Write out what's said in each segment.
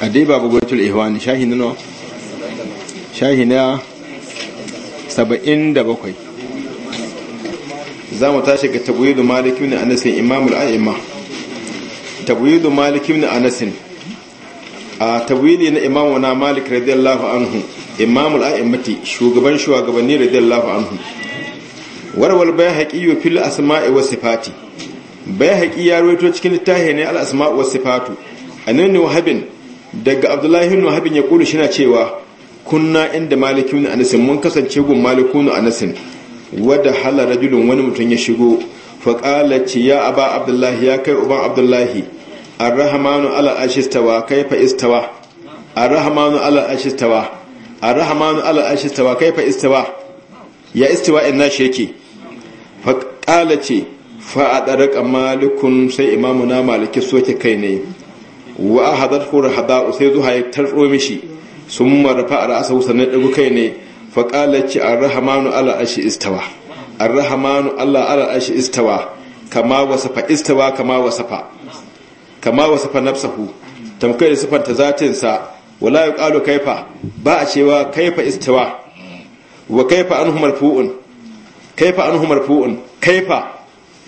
a dai babu gwaitul ihwani shahi na nawa shahi na saba'in da bakwai za mu tashi ga tabuyudu malik ibn anas imamul a'imma tabuyudu malik ibn anas a tabuyidi na imamu na malik radiyallahu anhu imamul a'immati shugaban shugabanni radiyallahu anhu warwal bayhaqi fil asma'i wa sifati haƙi ya rawaito cikin littafi ne al asma'u wa sifatu anani wahabin daga abdullahi ibn habin ya kulu shi na cewa kunna inda malikun anasin mun kasance gun malikun anasin wadda hala rajulun wani mutum ya shigo faƙala ce ya aba abdullahi ya kai uban abdullahi arrahmanu ala ashistawa kaifa istawa arrahmanu ala ashistawa arrahmanu ala ashistawa kaifa istawa ya istawa inna shi yake faƙala ce fa a malikun sai imamuna maliki soke kai ne wa hadar kura hada sai zuha ya tarso mishi sun marfa ra'asa na dago kai ne fa an rahamanu arrahmanu ala ashi istawa an rahamanu ala ashi istawa kama wasafa istawa kama wasafa kama wasafa nafsahu tamkai da sufanta zatin sa wala ƙalo kaifa ba a cewa kaifa istawa wa kaifa humar fu'un kaifa humar fu'un kaifa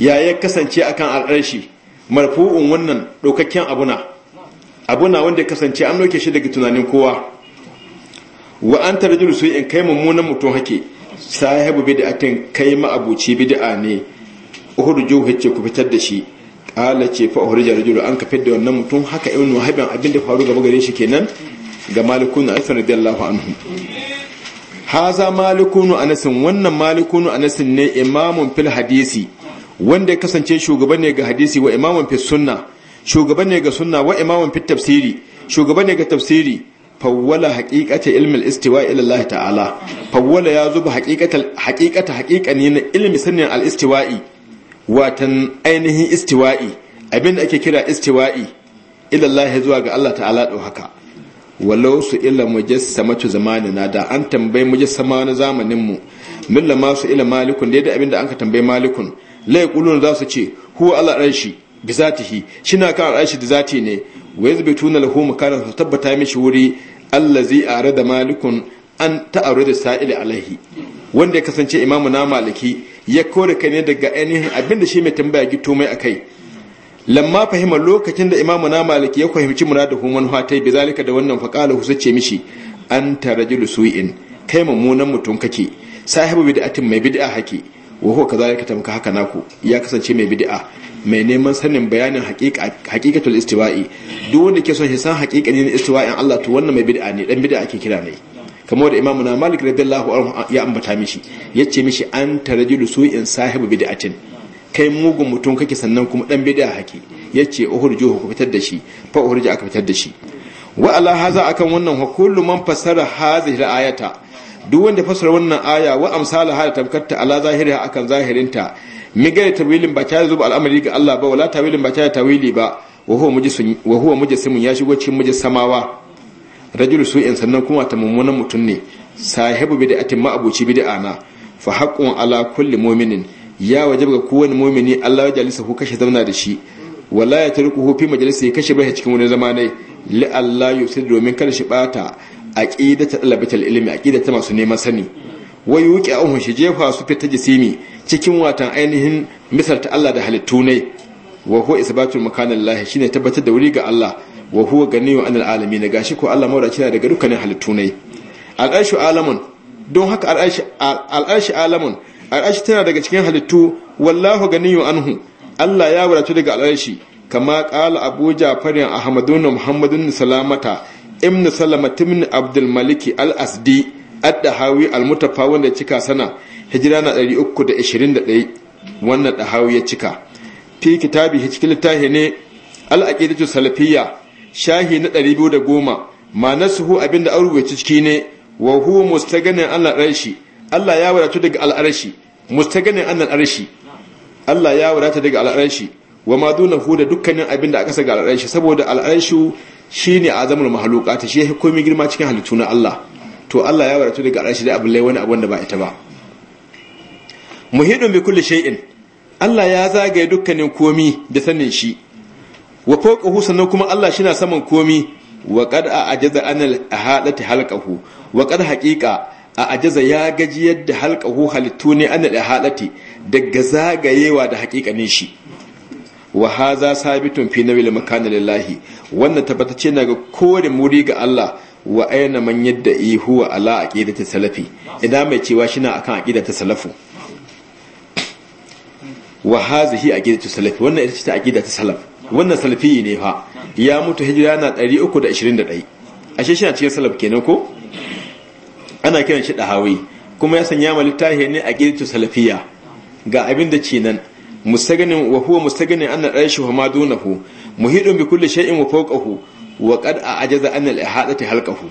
ya kasance akan al'arshi marfu'un wannan abu abuna abu na wanda ya kasance an noke shi daga tunanin kowa wa an jiru su in kai mummunan mutum hake sahibu bid'atin kai ma'abuci bid'a ne uhurju hace ku fitar da shi qala ce fa uhurja rajulu an ka da wannan mutum haka ibnu habin abin da faru gaba gare shi kenan ga malikun da radiyallahu anhu haza malikunu anasin wannan malikunu anasin ne imamun fil hadisi wanda kasance shugaban ne ga hadisi wa imamun fil sunna shugaban ne ga sunna wa imamun fit tafsiri shugaban ne ga tafsiri fawwala haqiqata ilmi al-istiwa ila Allah ta'ala fawwala ya zuba haqiqata haqiqata haqiqani na ilmi sanin al-istiwa'i watan ainihin istiwa'i abin da ake kira istiwa'i ila Allah zuwa ga Allah ta'ala do haka walau su ila mujassamatu zamanina da an tambaye mujassama na zamanin mu milla ma su ila malikun da abin da an ka tambaye malikun lai yaquluna za su ce huwa Allah arshi bizatihi shi shina kan al'arshi da zati ne wa yazbituna lahu makanan su tabbata mishi wuri allah allazi arada malikun an da sa'ili alaihi wanda ya kasance imamu na maliki ya kore kai ne daga ainihin abinda shi mai tambaya gito mai akai lamma fahima lokacin da imamu na maliki ya fahimci human hatai bi zalika da wannan faqala hu sace mishi anta rajulu su'in kai mummunan mutum kake sahibu bid'atin mai bid'a hake wa huwa kadhalika tamka haka naku ya kasance mai bid'a mai neman sanin bayanin hakikatul istiwa'i duk wanda ke son hisan hakikanin istiwa'in Allah to wannan mai bid'a ne dan bid'a ake kira ne kamar da imamu na malik radiyallahu anhu ya ambata mishi yace mishi an tarajulu su'in sahibu bid'atin kai mugun mutum kake sannan kuma dan bid'a hake yace uhurju ku fitar da shi fa uhurju aka fitar da shi wa ala haza akan wannan wa kullu man fasara hadhihi ayata duk wanda fassara wannan aya wa amsalaha tabkatta ala zahiriha akan zahirinta min gane tawilin ba ta zuba al'amari ga Allah ba wala tawilin ba ta tawili ba wa huwa ya shigo cikin samawa. rajul su'in sannan kuma ta mummunan mutum ne sahibu bid'atin ma'abuci bid'a na fa haqqun ala kulli mu'minin ya wajaba ga kowane mu'mini Allah ya jalisa ko kashe zauna da shi wala ya hu fi majalisi kashe bai cikin wani zama ne li Allah yusir domin kada shi bata aqidatu talabatul ilmi aqidatu masu neman sani wai yuqi ahun shi jefa su fita jisimi cikin watan ainihin misalta Allah da halittu ne wa huwa isbatul makanin lahi shine tabbatar da wuri ga Allah wa huwa ganiyun anil alamin gashi ko Allah mawdaci yana daga dukkanin halittu ne al'arshu alamun don haka al'arshi alamun al'arshi tana daga cikin halittu wallahu ganiyun anhu Allah ya wadatu daga al'arshi kama qala Abu Ja'far Ahmadun Muhammadun salamata ibn Salama ibn Abdul Malik al-Asdi ad-Dahawi al mutafawin wanda cika sana hijira na 321 wannan dahawi ya cika fi kitabi cikin littafi ne al'aƙidatu aqidatu salafiyya shahi na 210 ma nasuhu abinda an rubuce ciki ne wa hu mustaganin Allah arshi Allah ya wadatu daga al'arshi mustaganin Allah arshi Allah ya wadatu daga al'arshi. wa ma dunahu da dukkanin abinda aka saka ga al'arshi saboda al'arshi shine azamul mahluqat shi ya komai girma cikin halittu na Allah to Allah ya wadatu daga al da abin lai wani abin da ba ita ba muhidun bi kulli shay'in Allah ya zagaye dukkanin komi da sanin shi wa fawqahu sanan kuma Allah shi na saman komi wa qad ajaza al ahadati halqahu wa qad haqiqa a ajaza ya gaji yadda halqahu halittu ne al ahadati daga zagayewa da haƙiƙanin shi wa haza sabitun fi nawil makana lillahi wannan tabbatacce na ga kore muri ga Allah wa aina man yadda ihu wa ala aqidati salafi idan mai cewa shi na akan aqidati salafu wa hazihi aqidatu salaf wannan ita ce ta salaf wannan salafi ne fa ya mutu hijira na 321 ashe shi na cikin salaf kenan ko ana kiran shi dahawi kuma ya sanya mali littafi ne aqidatu salafiya. ga abin da ce nan mustaganin wa huwa musaganin anna raishu wa madunahu muhidun bi kulli shay'in wa fawqahu wa qad ajaza anna al-ihadati halqahu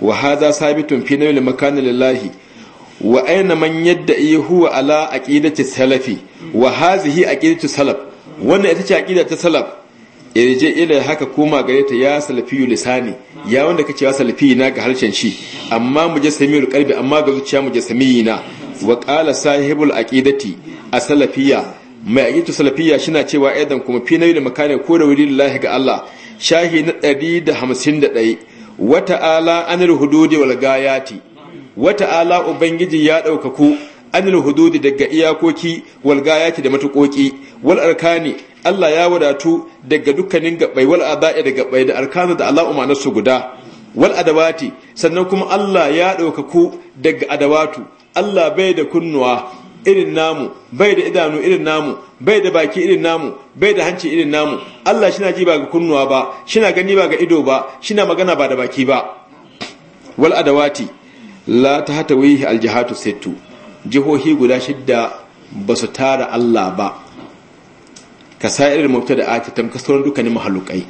wa hadha sabitun fi nawl makan lillahi wa aina man yadda iya huwa ala aqidati salafi wa hazihi aqidatu salaf wannan ita ce aqida ta salaf irje eh, ila haka koma gare ta ya salafiyu lisani ya wanda kace ya salafi na ga harshen shi amma mujassamiyul qalbi amma ga zuciya na wa qala sahibul aqidati a mai aqidatu salafiyya shina cewa aidan kuma fi nayi makane ko da wulillahi ga Allah shahi na 151 wa ta'ala anil hududi wal gayati wata ala ubangiji ya ɗaukaku anil hududi daga iyakoki wal gayaki da matukoki wal arkani Allah ya wadatu daga dukkanin gabai wal adai da gabai da arkanu da Allah umma su guda wal adawati sannan kuma Allah ya ɗaukaku daga adawatu Allah bai da kunnuwa irin namu bai da idanu irin namu bai da baki irin namu bai da hanci irin namu Allah shina ji ba ga kunnuwa ba shina gani ba ga ido ba shina magana ba da baki ba wal adawati la ta hata wihi aljihatu sittu jihohi guda shidda ba su tara Allah ba ka sa'irar mafita da ake tamka sauran dukkanin mahalukai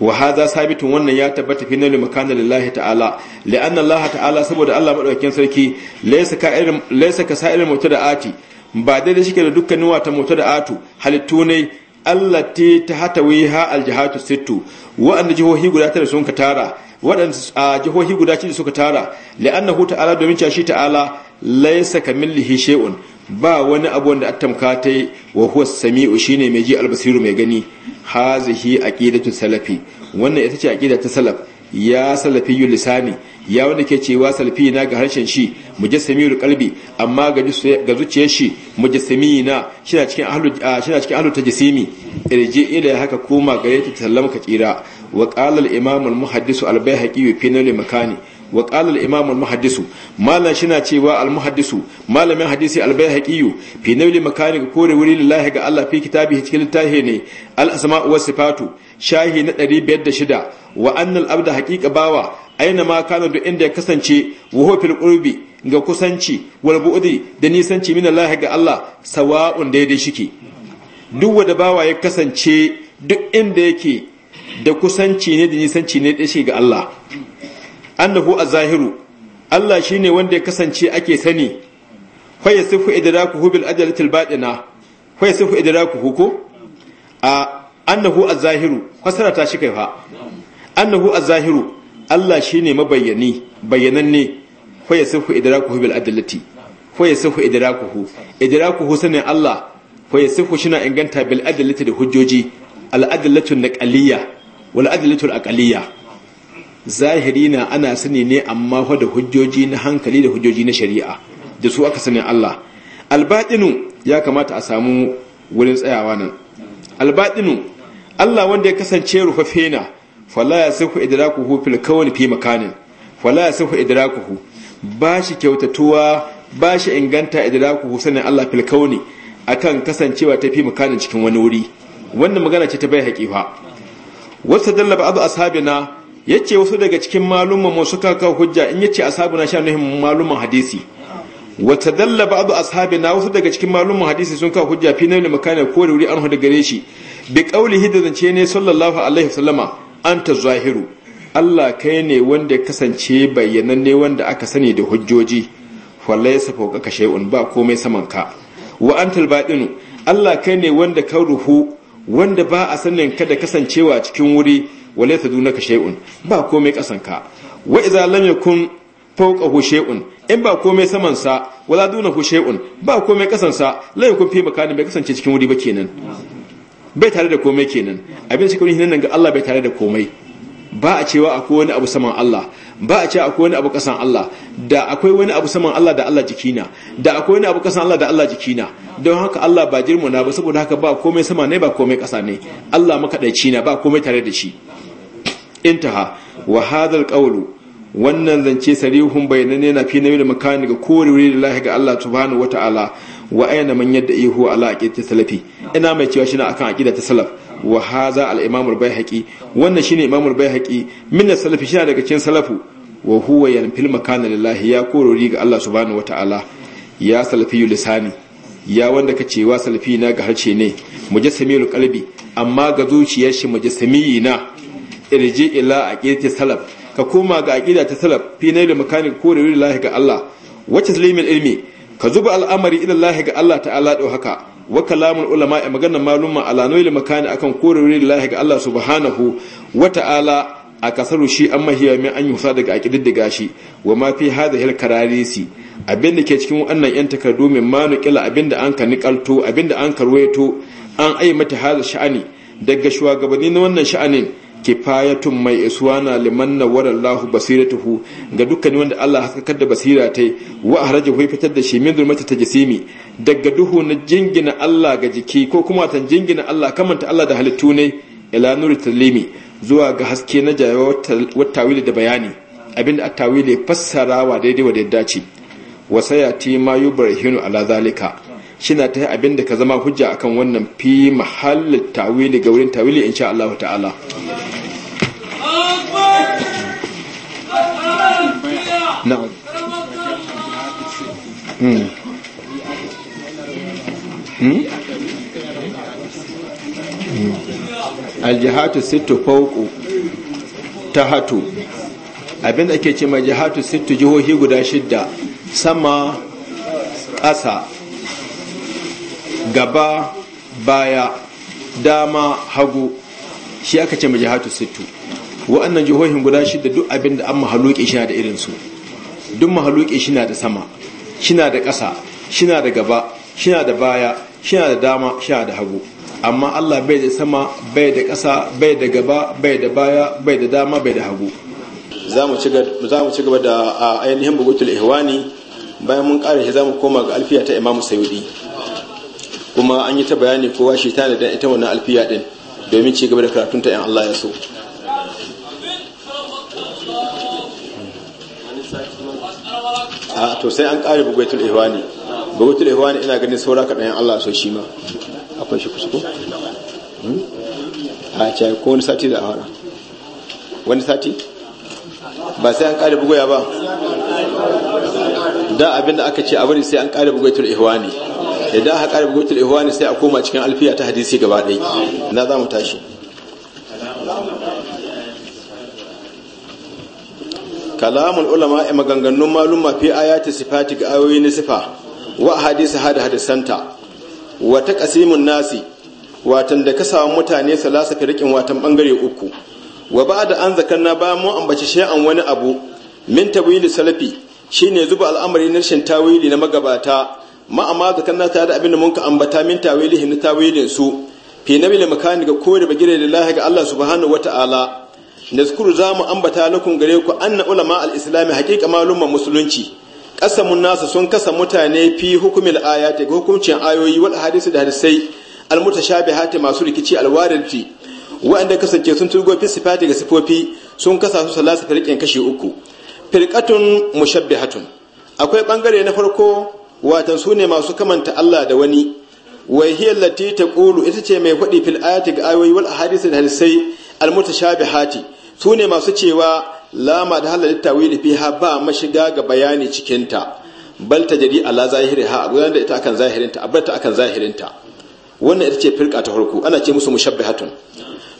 wa hadha sabitun wannan ya tabbata fi nawl makana lillahi ta'ala li'anna Allah ta'ala saboda Allah madaukakin sarki laysa ka irin laysa ka sa'irar mafita da ati ba da shike da dukkanin wata mafita da atu halittu ne allati ta hata wiha aljihatu sittu wa wa'anda jihohi guda tara sun ka tara waɗanda a jihohi guda ce suka tara li'annahu ta'ala domin cewa shi ta'ala laysa kamillihi shay'un ba wani abu wanda attamka ta wa huwa sami'u shine mai ji albasiru mai gani hazihi aqidatu salafi wannan ita ce aqidatu ta salaf ya yi lisani ya wanda ke cewa salafi na ga harshen shi mujassamiyul kalbi amma ga ga zuciyar shi mujassami na shina cikin ahlu ta jisimi irje ila haka koma gare ta sallama ka tsira wa kalar al muhaddisu al haƙi wa bayhaqi fi nawli makani wa kalar al muhaddisu al shina cewa al muhaddisu malamin hadisi al bayhaqi fi nawli makani ga kore wuri lillahi ga Allah fi kitabi cikin littafi ne al uwar wa sifatu shahi na biyar da ɗari shida wa annal abda haƙiƙa bawa aina ma kana duk inda ya kasance wa fil ƙurbi ga kusanci wal bu'di da nisanci min Allah ga Allah sawa'un daidai shike duk wanda bawa ya kasance duk inda yake da kusanci ne da nisanci ne shi ga Allah annahu a zahiru Allah shine wanda ya kasance ake sani fa yasifu idrakuhu bil ajalatil batina fa yasifu idrakuhu ko a annahu az-zahiru fasara ta shi kai fa annahu az-zahiru Allah shine mabayyani bayyananne fa yasifu idrakuhu bil adillati fa yasifu idrakuhu idrakuhu sanin Allah fa yasifu shina inganta bil adillati da hujjoji al adillatu naqaliyya wal adillatu aqaliyya zahiri na ana sani ne amma fa da hujjoji na hankali da hujjoji na shari'a da su aka sani Allah al ya kamata a samu wurin tsayawa nan al Allah wanda ya kasance rufaffe na fala ya sahu idrakuhu fil kawni fi makanin fala yasihu idrakuhu ba shi kyautatuwa ba shi inganta idrakuhu sanin Allah fil kawni akan kasancewa ta fi makanin cikin wani wuri wannan magana ce ta bai haƙifa wasu dalla abu ashabina yace wasu daga cikin malumman mu suka kawo hujja in yace ashabuna sha nuhin malumman hadisi wata dalla ba'adu ashabina wasu daga cikin malumman hadisi sun kawo hujja fi nawi makana ko da wuri an hudu gare shi bi qaulihi da zance ne sallallahu alaihi wasallama anta zahiru Allah kai ne wanda ya kasance bayyananne wanda aka sani da hujjoji ya fauka ka un ba komai saman ka wa antal batinu Allah kai ne wanda ka ruhu wanda ba a sanin ka da kasancewa cikin wuri duna dunaka shay'un ba komai kasan ka wa idza lam yakun fawqahu shay'un in ba komai saman sa wala dunahu shay'un ba komai kasan sa lai kun fi makani bai kasance cikin wuri ba kenan bai tare da komai kenan abin suka nuhi nan ga Allah bai tare da komai ba a cewa akwai wani abu saman Allah ba a cewa akwai wani abu kasan Allah da akwai wani abu saman Allah da Allah jikina da akwai wani abu kasan Allah da Allah jikina don haka Allah ba na ba saboda haka ba komai sama ne ba komai kasa ne Allah makadaici na ba komai tare da shi intaha wa hadhal qawlu wannan zance sarihun ne na fi nabi da makani ga kore wuri da lahi ga Allah subhanahu wataala wa aina man yadda ihu ala aqidati salafi ina mai cewa shine akan aqida ta salaf wa hadha al imam al baihaqi wannan shine imam al baihaqi min salafi shine daga cikin salafu wa huwa fil makan lillahi ya korori ga Allah subhanahu wa ta'ala ya salafi lisani ya wanda ka cewa salafi na ga harshe ne mujassamiyul qalbi amma ga zuciyar shi mujassamiyi na irji ila aqidati salaf ka koma ga aqida ta salaf fi nail makanin korori lillahi ga Allah wacce salimin ilmi ka zuba al'amari lahi ga Allah ta'ala ɗau haka wa kalamun ulama a maganar maluma ala noyi makani akan korori lahi ga Allah subhanahu wa ta'ala a kasar shi an mahiya mai an yusa daga akididdiga shi wa ma fi hadhihi si abin da ke cikin wannan yan takardu min kila abin da an ka nikalto da an karwaito an ai mata haɗa sha'ani daga shugabanni na wannan sha'anin kifayatun mai iswana liman nawara Allah basiratuhu ga dukkan wanda Allah haskakar da basira ta wa haraja hu fitar da shi min ta jisimi daga duhu na jingina Allah ga jiki ko kuma tan jingina Allah kamanta Allah da halittu ne ila talimi zuwa ga haske na jawa tawili da bayani abinda at tawili fassarawa daidai wa da dace wa sayati ma ala zalika shina ta abin da ka zama hujja akan wannan fi mahallin tawili ga wurin tawili insha Allah ta'ala hmm. Hmm? Hmm. aljihatu sittu fauku ta hatu abinda ake ce mai jihatu sittu jihohi guda shidda sama ƙasa gaba baya dama hagu shi aka ce majahatu sittu wa'annan jihohin guda shi da duk abin da an mahaluki shi da irinsu duk mahaluki shi na da sama shi na da ƙasa shi na da gaba shi na da baya shi na da dama shi na da hagu amma Allah bai da sama bai da ƙasa bai da gaba bai da baya bai da dama bai da hagu za mu ci gaba da ainihin bugutul ihwani bayan mun ƙare shi za mu koma ga alfiya ta imamu sayudi kuma an yi ta bayani kowa shi ta da ita wannan alfiya din domin ci gaba da karatunta in Allah ya so a to sai an kare bugaitul ihwani bugaitul ihwani ina ganin saura kaɗan Allah so shi ma akwai shi kusa ko hmm? a ce ko wani sati da awara wani sati ba sai an kare bugoya ba da abin da aka ce a bari sai an kare bugaitul ihwani idan haƙar bukutul ihwani sai a koma cikin alfiya ta hadisi gaba ɗaya na za mu tashi kalamul ulama a maganganun malum mafi ayati sifati ga ayoyi na sifa wa hadisi hada hadisanta wata kasimun nasi watan da ka samu mutane salasa fi rikin watan bangare uku wa ba da an zakarna ba mu ambaci shay'an wani abu min da salafi shine zuba al'amari na shin tawili na magabata ma amma da kanna ta da abin da mun ka ambata min tawilihi na tawilin su fi nabil makani ga da bagire lillahi ga Allah subhanahu wata'ala nazkuru za mu ambata lakum gare ku anna ulama al-islami haqiqa malum musulunci qasamun nasa sun kasa mutane fi hukumil ayati ga hukuncin ayoyi wal hadisi da hadisai al-mutashabihati masu rikici al-waridati wa'anda kasance sun tugo fi sifati ga sifofi sun kasa su salasa firqin kashi uku firqatun mushabbihatun akwai bangare na farko watan su ne masu kamanta Allah da wani wai hiya lati Kulu ita ce mai faɗi fil ayati ga ayoyi wal ahadisi da hadisai al mutashabihati su ne masu cewa la ma da halal tawil fiha ba mashiga ga bayani cikin ta bal tajri ala ha, a gudanar da ita akan zahirinta a ta akan zahirinta wannan ita ce firqa ta farko ana ce musu mushabbihatun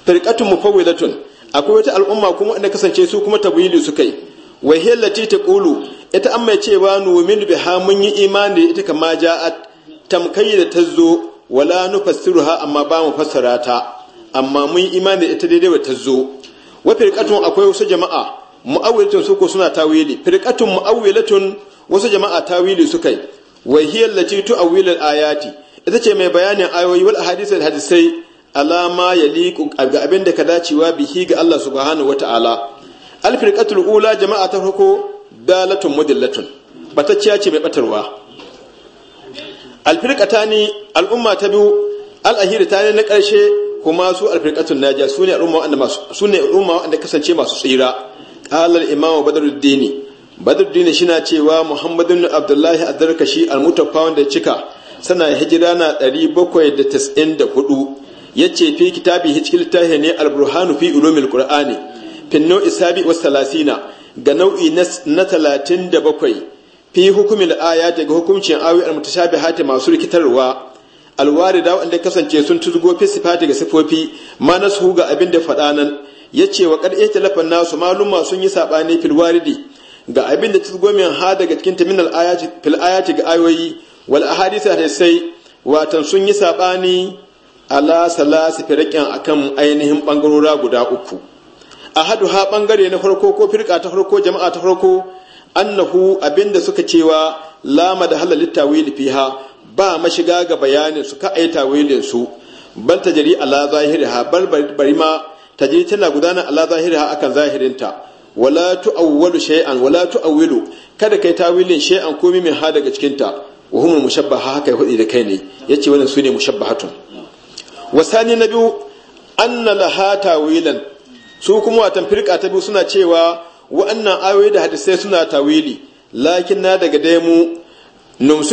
firkatun mufawwidatun akwai wata al'umma kuma inda kasance su kuma tabwili su kai wai hiya lati Kulu. ita an mai cewa numin biha mun yi imani ita kama a tamkai da ta zo wala ha amma ba mu fassara ta amma mun yi imani ita daidai ba ta zo wa firqatun akwai wasu jama'a mu'awilatun su ko suna tawili firkatun mu'awilatun wasu jama'a tawili su kai wa hiya allati tu'awwilu al-ayati ita ce mai bayanin ayoyi wal ahadith al hadisai alama yaliku ga abin da ka dacewa bihi ga Allah subhanahu wata'ala al firqatul ula jama'a ta farko dalatun mudillatun batacciya ce mai batarwa alfirkata ne al'umma ta biyu al'ahiri ta ne na karshe kuma su alfirkatun najiya su ne al'umma wanda kasance masu tsira ƙalar imamu badaruddini badaruddini shi na cewa muhammadun abdullahi adarkashi almutafa wanda cika sana hijira na 794 ya ce fi kitabi hijikil littafi ne alburhanu fi ulumin qur'ani finno isabi wasu salasina ga nau'i na talatin da bakwai fi hukumin aya daga hukuncin awi hati masu rikitarwa alwari da waɗanda kasance sun tuzgo fi sifa daga sifofi ma su ga abin da faɗa nan yace wa ƙar'e ihtilafan nasu maluma sun yi sabani fil waridi ga abin da tuzgo min ha daga cikin taminal fil ayati ga ayoyi wal da sai watan sun yi saɓani ala salasi firakin akan ainihin ɓangarora guda uku ha bangare na farko ko firka ta farko jama'a ta farko annahu abinda suka cewa lama da halal tawil fiha ba mashiga ga bayanin su ka ayi tawilin su bal tajri ala zahiriha bal bari ma tajri tana gudana ala zahiriha akan zahirinta wala tu'awwalu shay'an wala tu'awwilu kada kai tawilin shay'an ko min ha daga cikin ta wa hum mushabbaha haka hudi da kai ne yace wannan sune mushabbahatun wasani nabiyu anna laha tawilan su kuma watan firka ta biyu suna cewa wa'annan ayoyi da hadisai suna tawili lakin na daga dai mu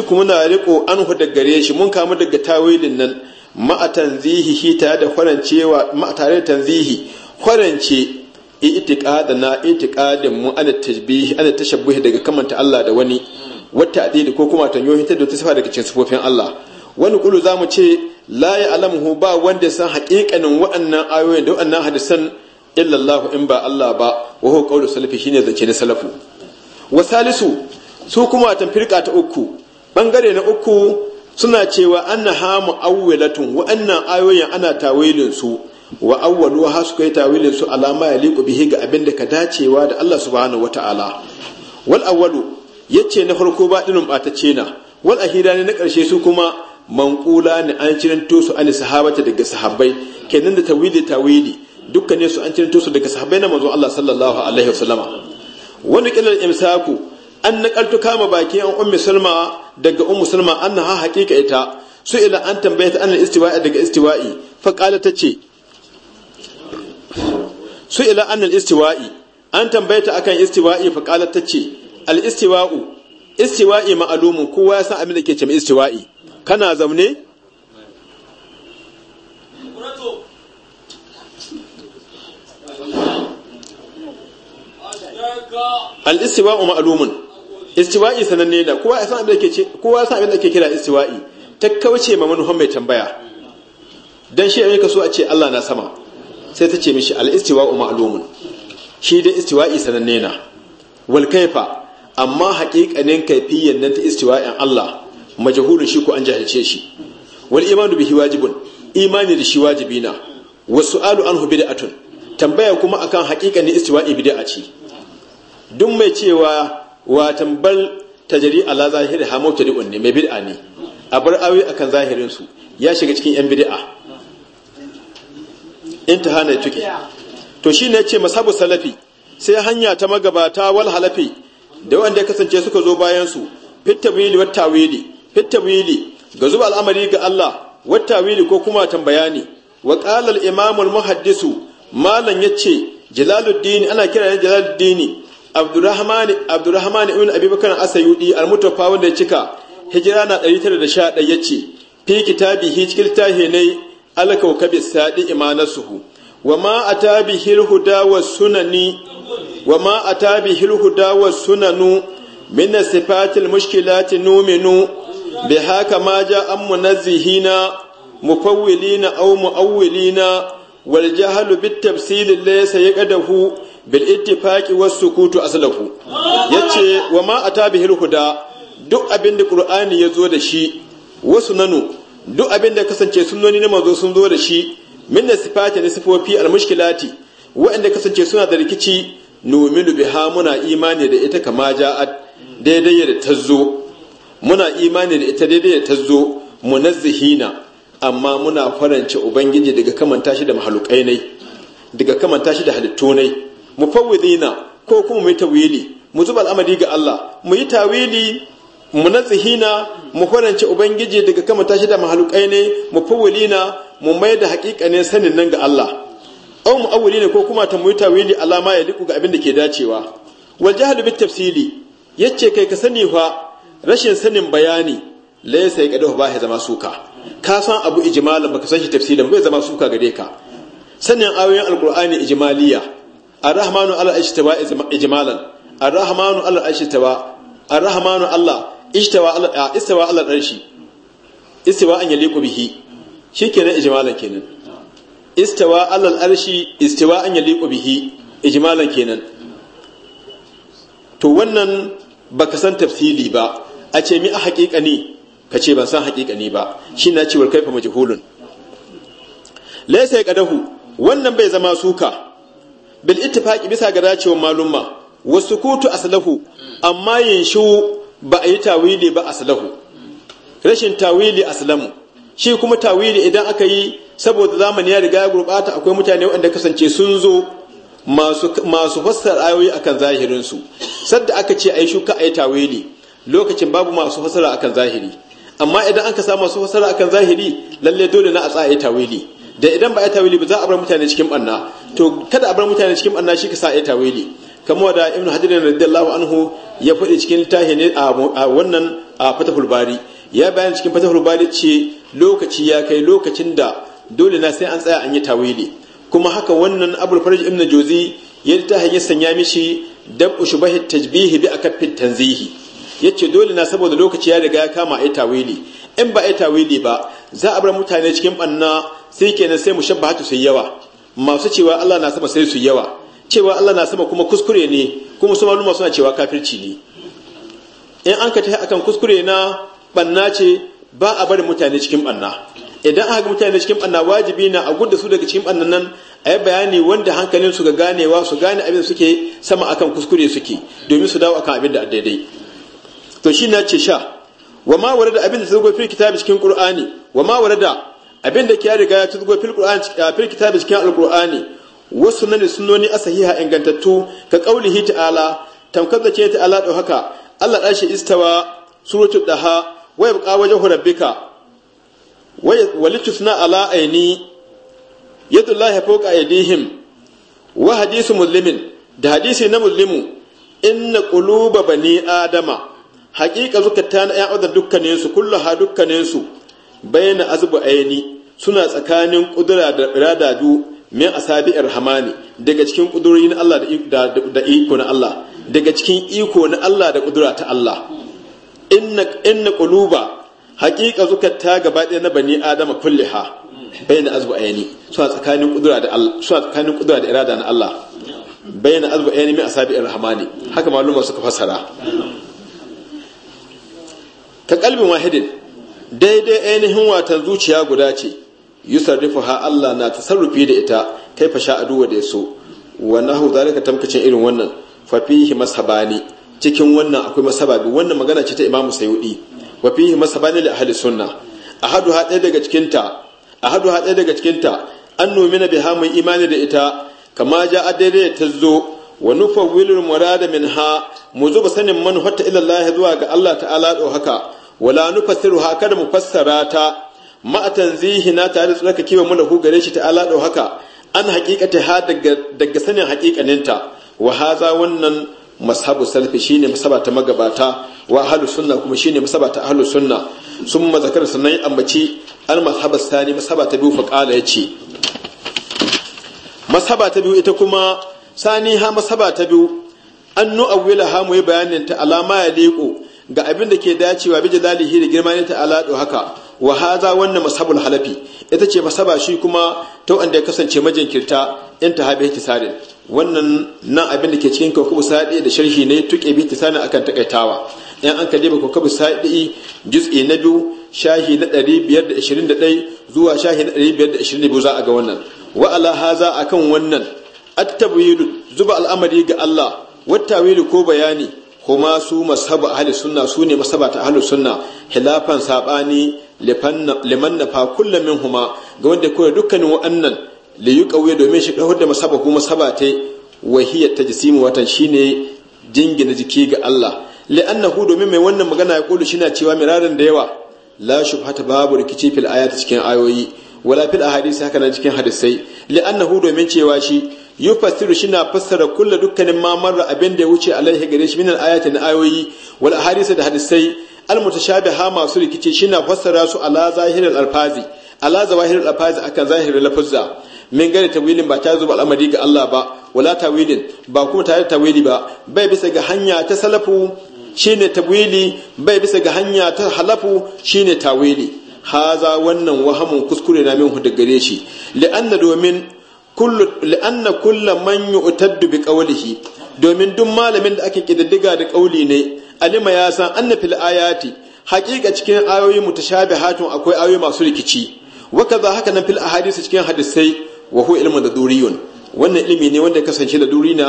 kuma muna riko an da gare shi mun kamu daga tawilin nan ma'a tanzihi tare da kwarancewa ma'a tare da tanzihi kwarance itiqadana itiqadin mu ana tajbihi ana tashabbuhi daga kamanta Allah da wani wata adidi ko kuma ta yohinta ta sifa daga cikin sufofin Allah wani kulu zamu ce la alamu ba wanda san haƙiƙanin waɗannan ayoyin da waɗannan hadisan illallah in ba Allah ba wa huwa qawlu salafi shine zance na salafu wa salisu su kuma tan firqa ta uku bangare na uku suna cewa annaha mu'awwilatun wa waɗannan ayoyin ana tawilin su wa awwalu ha su kai tawilin su alama ya liku bihi ga abin da ka dacewa da Allah subhanahu wata'ala wal awwalu yace na farko ba dinin ce na wal ahira ne na karshe su kuma manqula ne an ciranto su an sahabata daga sahabbai kenan da tawili tawili dukkanin su an cire su daga sahabbai na manzo Allah sallallahu alaihi wasallama wani kilal imsaku an nakaltu kama baki an ummi salma daga ummu salma annaha haqiqa ita su ila an tambaye ta annal istiwa'i daga istiwa'i fa qala tace su ila annal istiwa'i an tambaye ta akan istiwa'i fa qala tace al istiwa'u istiwa'i ma'lumun kowa ya san abin da ke cewa istiwa'i kana zaune al istiwa'u ma'lumun istiwa'i sananne da kowa ya san abin da kowa ya san abin da ke kira istiwa'i ta kauce ma manuhan mai tambaya dan shi ka so a ce Allah na sama sai ta ce mishi al istiwa'u ma'lumun shi dai istiwa'i sananne na wal amma haƙiƙanin kaifiyyar nan ta istiwa'in Allah majahulun shi ko an jahilce shi wal imanu bihi wajibun imani da shi wajibi na wasu alu an da atun tambaya kuma akan haƙiƙanin istiwa'i bid'a ce duk mai cewa watan bal tajari ala zahiri ha mubtadi'un ne mai bid'a ne a bar awi akan zahirin su ya shiga cikin yan bid'a intihana hana tuki to shine yace masabu salafi sai hanya ta magabata wal halafi da wanda ya kasance suka zo bayan su fit tawili wat tawili fit ga zuba al'amari ga Allah wata tawili ko kuma ne wa qala al imam al muhaddisu malan yace jalaluddin ana kira ne jalaluddin abdurrahman ibn abubakar asayudi almutafa wanda ya cika hijira na 911 yace fi kitabihi cikin tahe ne alkaukabi sadi imanasuhu wa ma atabihi alhuda was sunani wama ma atabihi alhuda sunanu min sifatil mushkilati numinu bi haka ma ja an munazzihina mufawwilina aw muawwilina wal jahlu bit tafsil laysa yaqdahu bil ittifaqi was sukutu aslahu yace wa ma ata huda duk abin da qur'ani zo da shi wasu nanu duk abin da kasance sunnoni na manzo sun zo da shi min da sifati na sifofi al mushkilati wa'anda kasance suna da rikici numinu biha muna imani da ita kama ja'at daidai da tazzo muna imani da ita daidai da tazzo munazzihina amma muna farance ubangiji daga kamanta shi da mahalukai ne daga kamanta shi da halittu mu mufawwidina ko kuma mu yi tawili mu zuba al'amari ga Allah mu yi tawili mu nazihina mu farance ubangiji daga kama tashi da mahalukai ne mu fawwilina mu mai da ne sanin nan ga Allah au mu ne ko kuma ta mu yi tawili alama ya liku ga abin da ke dacewa wal jahlu bit tafsili yace kai ka sani fa rashin sanin bayani laysa ka kadu ba ya zama suka ka san abu ba baka san shi tafsilin bai zama suka gare ka sanin ayoyin alqur'ani ijmaliya الرحمن rahmanu اجمالا الرحمن الرحمن الله Allah على ala استوى ان يليق istawa an yaliqu bihi shikenan ijmalan kenan istawa ala arshi istawa an yaliqu bihi to wannan baka san tafsili ba a ce mi a haƙiƙa ne ka ce ban san haƙiƙa ni ba shi na cewar kaifa majhulun laysa yaqdahu wannan bai zama suka bil ittifaqi bisa ga dacewar malumma wasu kutu aslahu amma yin shu ba a yi tawili ba aslahu rashin tawili aslamu shi kuma tawili idan aka yi saboda zamani ya riga ya gurbata akwai mutane waɗanda kasance sun zo masu fassara ayoyi akan zahirin su sadda aka ce a yi shuka ai tawili lokacin babu masu fassara akan zahiri amma idan aka samu masu fassara akan zahiri lalle dole na a tsaya tawili da idan ba a tawili ba za a bar mutane cikin banna to kada a bar mutane cikin banna shi ka sa a tawili kamar da ibnu hajar radiyallahu anhu ya faɗi cikin littafi ne a wannan a fatahul bari ya bayan cikin fatahul bari ce lokaci ya kai lokacin da dole na sai an tsaya an yi tawili kuma haka wannan abul faraj ibnu jozi ya littafi ya sanya mishi dab'u shubahi tajbihi bi kafin tanzihi yace dole na saboda lokaci ya riga ya kama ai tawili in ba ai tawili ba za a bar mutane cikin banna sai kenan sai mu hatu su yawa masu cewa Allah na sama sai su yawa cewa Allah na sama kuma kuskure ne kuma su maluma suna cewa kafirci ne in an ka tafi akan kuskure na banna ce ba a bari mutane cikin banna idan aka mutane cikin banna wajibi na a gudda su daga cikin bannan nan a yi bayani wanda hankalin su ga ganewa su gane abin suke sama akan kuskure suke domin su dawo akan abin da daidai to shi na ce sha wa ma warada abin da tuzgo fil kitabi cikin qur'ani wa ma warada abin da ke riga ya tuzgo fil qur'ani cikin eh, kitabi cikin alqur'ani wa sunnani sunnoni asahiha ingantattu ka qaulihi ta'ala tamkaza ce ta'ala do haka Allah da shi istawa suratul daha wa yabqa wajhu rabbika walitusna ala aini yadullahi fawqa aydihim wa hadisu muslimin da hadisi na muslimu inna quluba bani adama haƙiƙa zukata na ‘yan adar dukkaninsu kullaha dukkaninsu bayyana azubu aini suna tsakanin kudura da irada du min asabi irhamani daga cikin kudurin Allah da iko na Allah daga cikin iko na Allah da kudura ta Allah inna ƙuluba haƙiƙa zukata gaba ɗaya na bani adama kulliha bayyana azubu aini suna tsakanin kudura da irada na Allah bayyana azubu aini min asabi irhamani haka maluma suka fassara ta kalbin wahidin daidai ainihin watan zuciya guda ce yusarrifu ha Allah na ta tasarrufi da ita kai fa sha'adu da yaso wa hau zalika tamkacin irin wannan fa fihi mashabani cikin wannan akwai masababi wannan magana ce ta Imam Sayyidi fafihi fihi mashabani ahli sunna ahadu ha ɗaya daga cikin ta hadu ha ɗaya daga cikin an nomina biha mun imani da ita kama ja a daidai ta zo wa nufawwilul murada minha mu zuba sanin hatta ila Allah zuwa ga Allah ta'ala do haka wala nufasiru kada mu fassara ta ma na tare da tsaka kiwa mun lahu gare shi ta'ala do haka an haqiqati ha daga daga sanin haqiqaninta wa haza wannan mashabu salfi shine masaba ta magabata wa ahlus sunna kuma shine masaba ta ahlus sunna summa zakar sunnai ambaci al mashabu sani masaba ta biyu fa qala yace masaba ta biyu ita kuma sani ha masaba ta biyu an awwila ha muyi bayanin ta alama ya leko ga abin da ke dacewa bi jalalihi da girma ne ta alado haka wa haza wannan masabul halafi ita ce masaba shi kuma ta wanda ya kasance majinkirta in ta habi ihtisarin wannan nan abin da ke cikin kokubu sadi da sharhi ne tuke bi ihtisarin akan takaitawa in an kalle ba kokubu sadi juz'i na biyu shahi na 521 zuwa shahi na 522 za a ga wannan wa ala haza akan wannan at-tabyin zuba al'amari ga Allah wattawili ko bayani kuma su masaba ahli sunna su ne masaba ta ahli sunna hilafan sabani liman nafa kullum min huma ga wanda koyi dukkanin wa'annan li yi domin shi kawar da masaba ko masaba ta wahiyat ta watan shine jingina jiki ga Allah li'annahu domin mai wannan magana ya kulu shi na cewa miraran da yawa la shubhata babu rikici fil ayati cikin ayoyi wala fil ahadisi haka nan cikin hadisai li'annahu domin cewa shi yufassiru shina fassara kullu dukkanin ma marra abin da ya wuce alaihi gare shi min al-ayati na ayoyi wal ahadisi da hadisai al-mutashabiha masu rikici shina fassara su ala al alfazi ala al alfazi akan zahirin lafuzza min gane tawilin ba ta zuba al'amari ga Allah ba wala tawilin ba kuma tare da tawili ba bai bisa ga hanya ta salafu shine tawili bai bisa ga hanya ta halafu shine tawili haza wannan wahamun kuskure na min daga gare shi li'anna domin kullu li'anna kulla man yu'taddu bi qawlihi domin duk malamin da ake kididdiga da kauli ne alima ya san anna fil ayati haqiqa cikin ayoyi mutashabihatun akwai ayoyi masu rikici wa kaza haka nan fil ahadisi cikin hadisai wa huwa da duriyun wannan ilimi ne wanda kasance da durina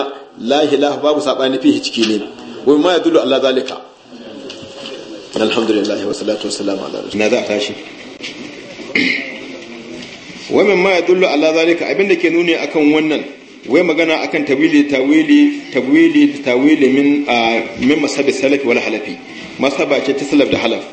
lahi ilaha babu saɓani fihi ciki ne wani ma yadullu allah zalika alhamdulillah wa salatu wa salam ala rasulillah na tashi wa mimma yadullu ala zalika abinda ke nuni akan wannan wai magana akan tawili tawili tawili tawili min min masab salaf wal halafi masaba ce ta salaf da halaf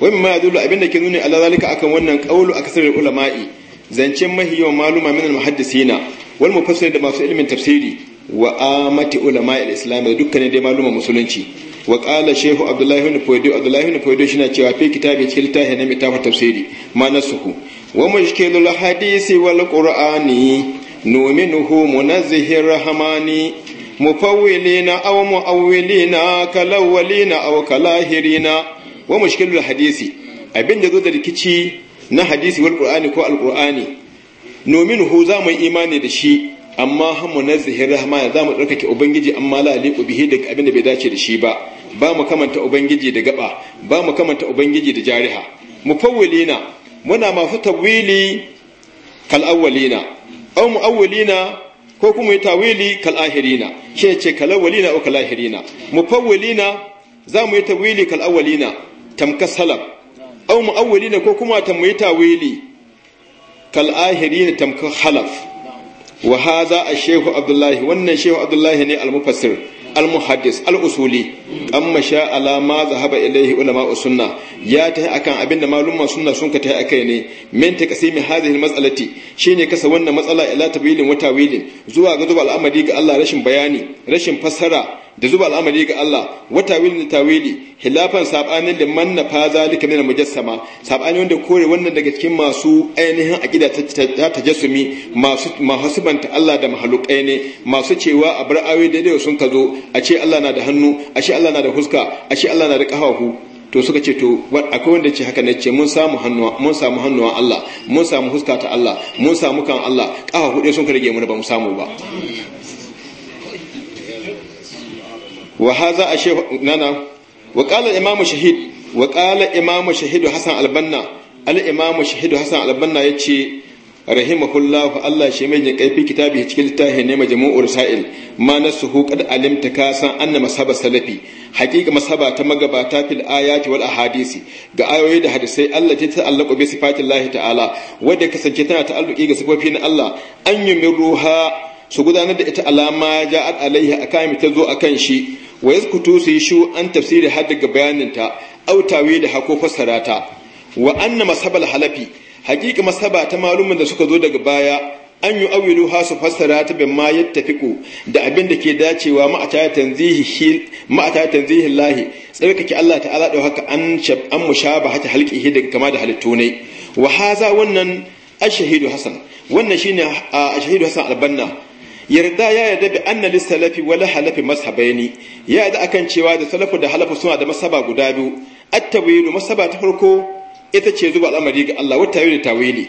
wai mimma yadullu da ke nuni ala zalika akan wannan qawlu aksar ulama'i zancen mahiyo maluma min al muhaddisina wal mufassir da masu ilimin tafsiri wa amati ulama'il islam da dukkanin dai maluma musulunci wa qala shehu abdullahi ibn fawdi abdullahi ibn fawdi shi na cewa fi kitabi cikin littafin na mitafa tafsiri ma nasuhu hadisi wal qur'ani numinuhu munazzihir rahmani mufawwilina aw muawwilina kalawwalina aw kalahirina wa mushkilul hadisi. abin da zo da rikici na hadisi wal qur'ani ko al qur'ani numinuhu za mu imani da shi amma hamu na zihir rahman za mu tsarkake ubangiji amma la aliqu bihi da abin da bai dace da shi ba ba mu kamanta ubangiji da gaba ba mu kamanta ubangiji da jariha mufawwilina muna masu tawili kal awwalina aw muawwilina ko kuma yi tawili kal ahirina shi ce kal awwalina aw kal ahirina mufawwilina za mu yi tawili kal awwalina tamka salaf aw muawwilina ko kuma ta mu yi tawili kal ahirina tamka halaf wa hadha ash-shaykh Abdullah wannan shaykh Abdullah ne al-mufassir al-muhaddis al-usuli amma sha ala ma zahaba ilaihi ulama sunna ya ta akan abinda malumma sunna sun ka ta akai ne min taqsimi hadhihi al shi shine kasa wannan matsala ila tabilin wata wilin zuwa ga zuba al'amari ga Allah rashin bayani rashin fassara da zuba al'amari ga Allah wili da tawili hilafan sabanin da man na faza lika min mujassama sabani wanda kore wannan daga cikin masu ainihin akida ta tajassumi masu masu banta Allah da mahalukai ne masu cewa a bar awe daidai sun ka zo a ce Allah na da hannu a ce Allah na da huska a ce Allah na da kafafu to suka ce to akwai wanda ce haka ce mun samu hannuwa mun samu hannuwa Allah mun samu huska ta Allah mun samu kan Allah kafafu hudu sun ka rage mu ba mu samu ba wa haza a shehu nana wa qala imamu shahid wa qala imamu shahidu Hassan albanna al imamu shahidu hasan albanna yace rahimahullahu Allah shi mai jin kaifi kitabi cikin littafin ne majmu'ur sa'il ma nasuhu qad alimta ka san anna masaba salafi haqiqa masaba ta magabata fil ayati wal ahadisi ga ayoyi da hadisai Allah ta ta'allaqu bi sifatillahi ta'ala wanda kasance tana ta'alluki ga sifofi na Allah an yumiruha su gudanar da ita alama ja'at alaiha akan ta zo akan shi wa yazkutu su yi shu an tafsiri har daga bayaninta au tawi da hako fassara ta wa anna masabal halafi hakika masaba ta malumin da suka zo daga baya an yi awilu ha su fassara ta bin ma ya da abin da ke dacewa ma'ata tanzihin lahi tsarkake Allah ta'ala da haka an an mushaba hata halqihi daga kama da halittu ne wa haza wannan ashahidu hasan wannan shine ashahidu hasan albanna yarda ya yarda bi anna lis salafi wala halafi mashabaini ya yarda akan cewa da salafu da halafu suna da masaba guda biyu at tawilu masaba ta farko ita ce zuba al'amari ga Allah wata tawil tawili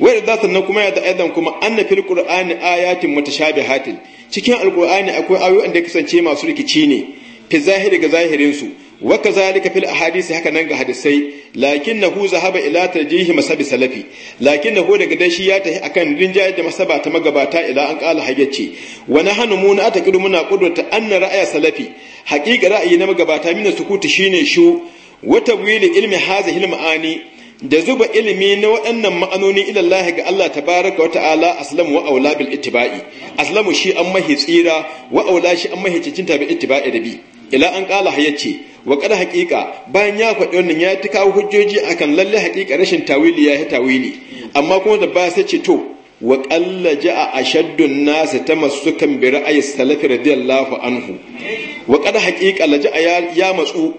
wa yarda sannan kuma yarda aidan kuma anna fil qur'ani ayatin mutashabihatin cikin alqur'ani akwai ayoyi da kasance masu rikici ne fi zahiri ga zahirin su waka zalika fil ahadisi haka nan ga hadisai lakin lakinnahu zahaba ila tarjihi masabi salafi lakin lakinnahu daga dai shi ya tafi akan rinjayar da masaba ta magabata ila an kala hayyace wa nahnu mun atakidu muna qudurta anna ra'aya salafi haqiqa ra'ayi na magabata min sukuti shine shu wa tabwil ilmi haza al ma'ani da zuba ilimi na waɗannan ma'anoni ilallahi ga Allah tabaraka ala aslamu wa aula bil ittiba'i aslamu shi an mahi tsira wa aula shi an mahi cikin tabi ittiba'i da bi ila an kala hayace wa kada haƙiƙa bayan ya faɗi wannan ya ta kawo hujjoji akan lalle haƙiƙa rashin tawili ya yi tawili amma kuma da ba sai ce to wa qalla ja'a ashaddun nas tamassukan bi ra'ayi salaf radiyallahu anhu wa kada haƙiƙa laja ya matsu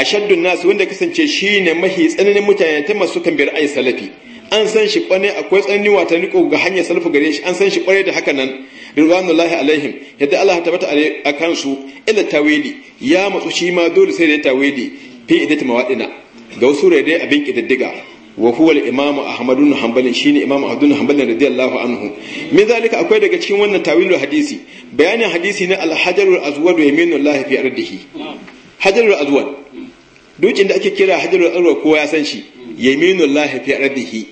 ashaddun nasu wanda kasance shi ne mahi tsananin mutane ta masu kan biyar ai salafi an san shi kwane akwai tsananin wata riko ga hanyar salafu gare shi an san shi kware da haka nan ridwanullahi alaihim yadda Allah ta bata a kansu ila tawili ya matsu shi ma dole sai da tawili fi idat mawadina ga wasu dai abin kididdiga wa huwa al-imam Ahmad ibn Hanbal shine imam Ahmad ibn Hanbal radiyallahu anhu min zalika akwai daga cikin wannan tawilul hadisi bayanin hadisi na al-hajarul azwad yaminullahi fi ardihi hajarul azwad dukin da ake kira hajjar al'arwa kowa ya san shi ya yaminullahi fi ardihi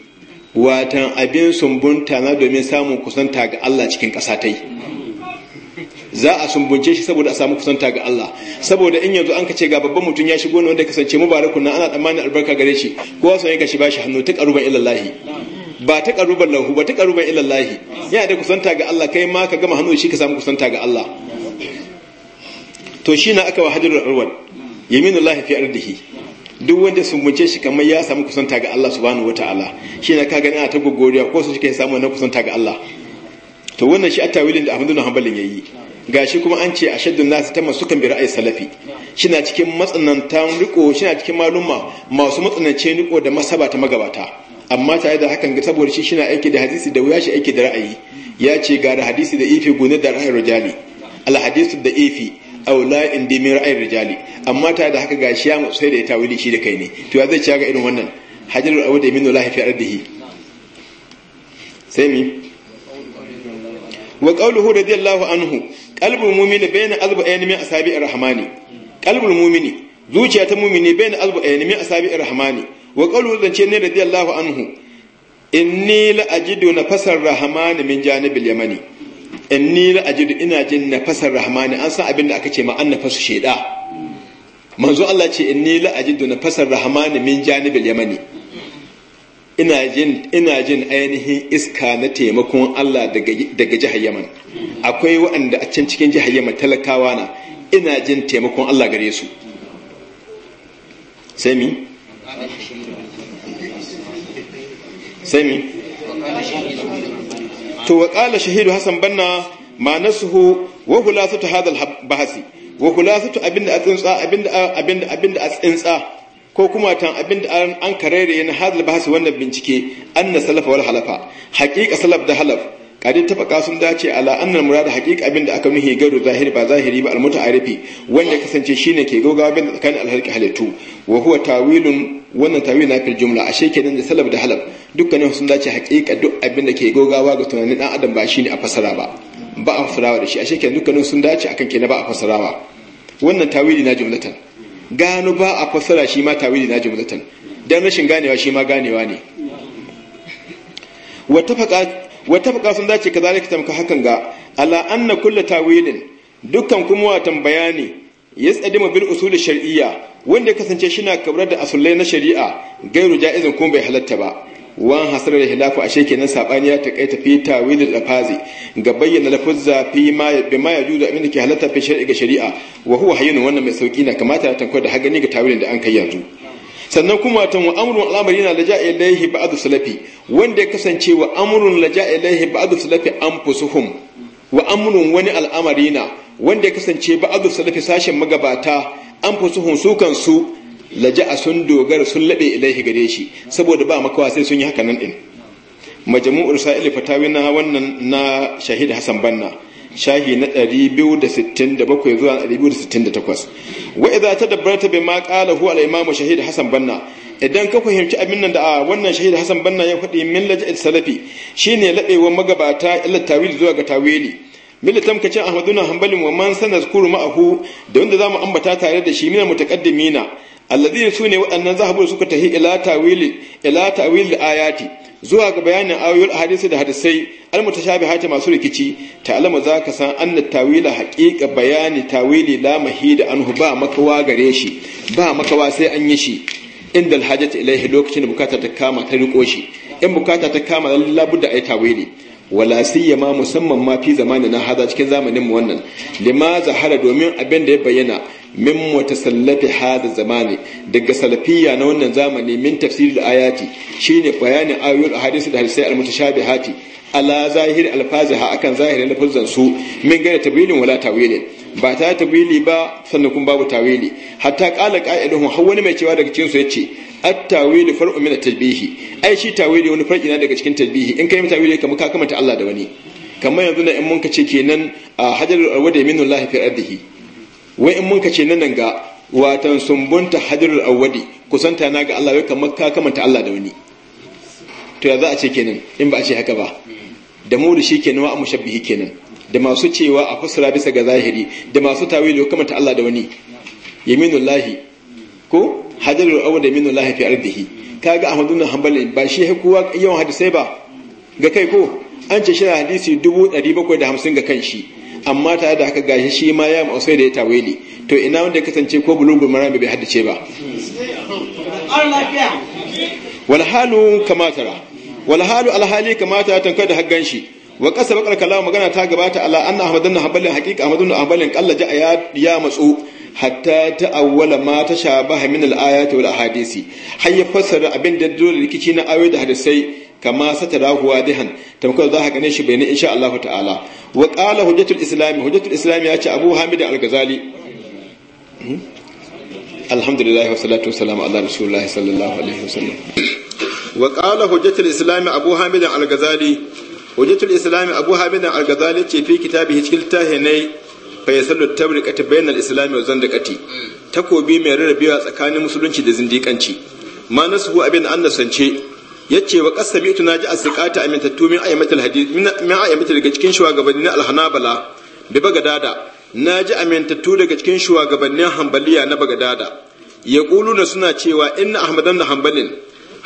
watan abin sumbunta na domin samun kusanta ga Allah cikin ƙasa za a sumbunce shi saboda a samu kusanta ga Allah saboda in yanzu an ka ce ga babban mutum ya shigo ne wanda ya kasance mubarakun na ana tsammanin albarka gare shi kowa son yake shi ba shi hannu ta karuban ilallahi ba ta karuban lahu ba ta karuban ilallahi yana da kusanta ga Allah kai ma ka gama hannu shi ka samu kusanta ga Allah to shi na aka wa hajarul arwad Yaminu lahi fi ardihi duk wanda sun bunce shi kamar ya samu kusanta ga Allah subhanahu wataala shi na ka gani ana ta gogoriya ko su suke samu na kusanta ga Allah to wannan shi at-tawilin da Ahmadu Hanbalin yayi gashi kuma an ce a ashaddun nasu ta masu kan bi ra'ayi salafi shina cikin matsanantan riko shina cikin maluma masu matsanance riko da masaba ta magabata amma tare da hakan ga saboda shi shina aiki da hadisi da wuya shi aiki da ra'ayi ya ce ga da hadisi da ifi gune da ra'ayi rajali alhadisu da ifi aula in dai mai ra'ayin rijali amma tare da haka shi ya matsu sai da ya tawili shi da kai ne to ya zai ci ga irin wannan hajarul awad da minu lahi fi ardihi sai mi wa qawluhu radiyallahu anhu qalbul mu'min bayna azba'ayn min asabi'ir rahmani qalbul mu'mini zuciya ta mu'mini bayna min asabi'ir rahmani wa qawluhu zance ne radiyallahu anhu inni la ajidu nafasar rahmani min janibil yamani in ni la ajidu ina jin nafasar rahmani an san abin da aka ce ma an nafasu sheda manzo Allah ce in inni la ajidu nafasar rahmani min janibil yamani ina jin ina jin ainihin iska na taimakon Allah daga daga jihar Yaman akwai waɗanda a can cikin jihar Yaman talakawa na ina jin taimakon Allah gare su sai mi sai to wa kala shahidu hasan banna ma nasuhu wa hulasatu hadha al-bahsi wa hulasatu abinda a tsinsa abinda abinda abinda a tsinsa ko kuma tan abinda an karere yana hadal bahsi wannan bincike anna salafa wal halafa haqiqa salaf da halaf kadin tafaka sun dace ala annal murada haqiqa abin da aka nuhi gairu zahiri ba zahiri ba al-murtala muta'arifi wanda kasance shine ke gogawa bin al alhalqi halittu wa huwa tawilun wannan tawil na fil jumla ashe kenan da salaf da halaf dukkanin sun dace haqiqa duk abin da ke gogawa ga tunanin dan adam ba shine a fasara ba ba a fasarawa da shi ashe kenan dukkanin sun dace akan kenan ba a fasarawa wannan tawili na jumlatan gano ba a fasara shi ma tawili na jumlatan dan rashin ganewa shi ma ganewa ne wa tafaka wa tafqa sun dace zalika tamka hakan ga ala anna kullu tawilin dukkan kuma watan bayani yasadimu bil usul shar'iyya wanda kasance shina kabrar da asulai na shari'a gairu jaizin kuma bai halatta ba wan hasarar hilafu ashe kenan sabani ya takaita fi da lafazi ga bayyana lafuzza fi ma bi ma yajuzu amin ke halatta fi shar'i ga shari'a wa huwa hayyun wannan mai sauki na kamata ta tankwa da hagani ga tawilin da an kai yanzu sannan kuma tan wa amrun al'amari yana laja ilaihi ba'd salafi wanda ya kasance wa amrun laja ilaihi ba'd salafi fusuhun. wa amrun wani al'amari na wanda ya kasance ba'd salafi sashen magabata fusuhun su kansu laja sun dogara sun labe ilaihi gare shi saboda ba makawa sai sun yi haka nan din majmu'ul sa'il fatawina wannan na shahid hasan banna shahi na 267 zuwa 268 wa idza tadabbarta bima qala huwa al-imam shahid hasan banna idan ka fahimci abin nan da wannan shahid hasan banna ya faɗi min a salafi shi shine labewa magabata illa tawili zuwa ga tawili milla tamkacin na hanbalin wa man kuru ma'ahu da wanda mu ambata tare da shi min mutaqaddimina alladhi su ne waɗannan zahabu suka tahi ila tawili ila tawili ayati zuwa ga bayanin ayoyin hadisi da hadisai almutashabihati masu rikici ta za ka san anna tawila haqiqa bayani tawili la mahida anhu ba makawa gare shi ba makawa sai an yi shi inda alhajati ilaihi lokacin da bukata ta kama ta riko shi in bukata ta kama da a ai tawili wala siyama musamman ma fi zamanin na hada cikin zamanin mu wannan lima zahara domin abin da ya bayyana min mutasallafi hada zamani daga salafiyya na wannan zamani min tafsiril ayati shine bayanin ayoyin hadisi da hadisai almutashabihati ala zahir alfaziha akan zahirin lafazan su min gane tabilin wala tawilin ba ta tawili ba sannan kuma babu tawili hatta kala qa'iluhum har wani mai cewa daga cikin su yace at-tawilu far'u min at-tashbihi ai shi tawili wani farki na daga cikin tashbihi in kai tawili kamar ka kamanta Allah da wani kamar yanzu na in mun ka ce kenan hajarul awwadi minullahi fi ardihi wai in mun ka ce nan ga watan sumbunta hajarul awwadi kusanta na ga Allah wai kamar ka kamanta Allah da wani to ya za a ce kenan in ba a ce haka ba da mu da shi kenan wa mushabbihi kenan da masu cewa a fassara bisa ga zahiri da masu tawili kuma ta Allah da wani yaminu lahi ko hajarul awwal da yaminu lahi fi ardihi kaga Ahmadu bin Hanbal ba shi kowa yawan hadisai ba ga kai ko an ce shirin hadisi hamsin ga kan shi amma tare da haka gashi shi ma ya mausai da ya tawili to ina wanda ya kasance ko bulu marami bai haddace ba wal halu kamata wal halu alhali kamata tankar da haggan shi wa kasa bakar kalam magana ta gabata ala anna ahmad ibn hanbal haqiqa ahmad na hanbal qalla ja ya ya matsu hatta ta awwala ma tashabaha min al-ayati wal ahadisi har ya fassara abin da dole rikici na ayoyi da hadisai kama satara huwa dihan tamkar za ka gane shi bayanin insha Allah ta'ala wa qala hujjatul islam hujjatul islam ya ce abu hamid al-ghazali hmm? alhamdulillah wa salatu wa salam ala rasulillah sallallahu alaihi wasallam wa qala hujjatul islam abu hamid al-ghazali wajatul islami abu hamidin al-ghazali ce fi kitabi cikin littafi ne fa yasallu tabriqati bainal islami wa zandaqati takobi mai rarrabewa tsakanin musulunci da zindikanci ma nasu abin an nasance ce wa qasamitu naji as a amintattu min ayyamatul hadith min ayyamatul daga cikin shugabannin al-hanabala bi bagadada naji amintattu daga cikin shugabannin hanbaliya na bagadada yaquluna suna cewa inna ahmadan da hanbalin